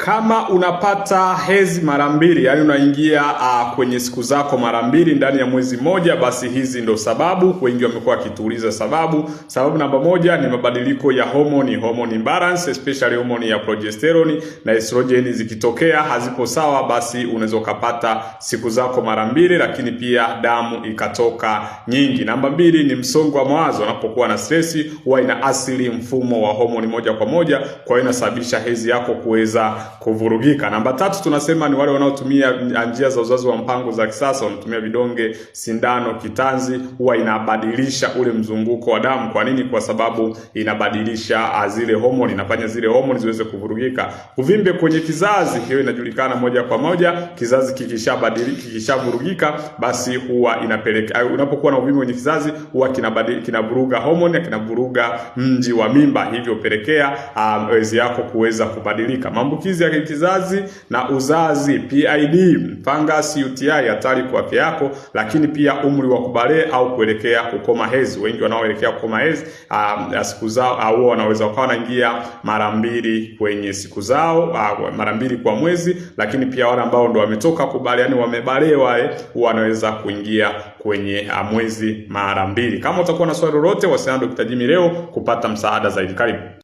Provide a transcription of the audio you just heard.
Kama unapata hezi mara mbili, yani unaingia uh, kwenye siku zako mara mbili ndani ya mwezi mmoja, basi hizi ndo sababu. Wengi wamekuwa wakituuliza sababu. Sababu namba moja ni mabadiliko ya homoni, homoni imbalance, especially homoni ya progesterone na estrogen zikitokea hazipo sawa, basi unaweza ukapata siku zako mara mbili, lakini pia damu ikatoka nyingi. Namba mbili ni msongo wa mawazo. Unapokuwa na stress, huwa ina asili mfumo wa homoni moja kwa moja, kwa hiyo inasababisha hezi yako kuweza kuvurugika. Namba tatu tunasema ni wale wanaotumia njia za uzazi wa mpango za kisasa, wanatumia vidonge, sindano, kitanzi, huwa inabadilisha ule mzunguko wa damu. Kwa nini? Kwa sababu inabadilisha ah, zile homoni, inafanya zile homoni ziweze kuvurugika. Uvimbe kwenye kizazi, hiyo inajulikana moja kwa moja. Kizazi kikishabadilika, kikishavurugika, basi huwa inapeleka, ah, unapokuwa na uvimbe kwenye kizazi huwa kinabadilika, kinavuruga homoni, kinavuruga mji wa mimba, hivyo pelekea um, yako kuweza kubadilika. Maambukizi matumizi ya kizazi na uzazi PID, fungus, UTI, hatari kwa afya yako, lakini pia umri wa kubalee au kuelekea kukoma hezi. Wengi wanaoelekea kukoma hezi uh, um, siku zao au uh, wanaweza wakawa wanaingia mara mbili kwenye siku zao uh, mara mbili kwa mwezi, lakini pia wale ambao ndo wametoka kubalee, yani wamebalewa, eh, wanaweza kuingia kwenye uh, mwezi mara mbili. Kama utakuwa na swali lolote, wasiliana na Dr. Jimmy leo kupata msaada zaidi. Karibu.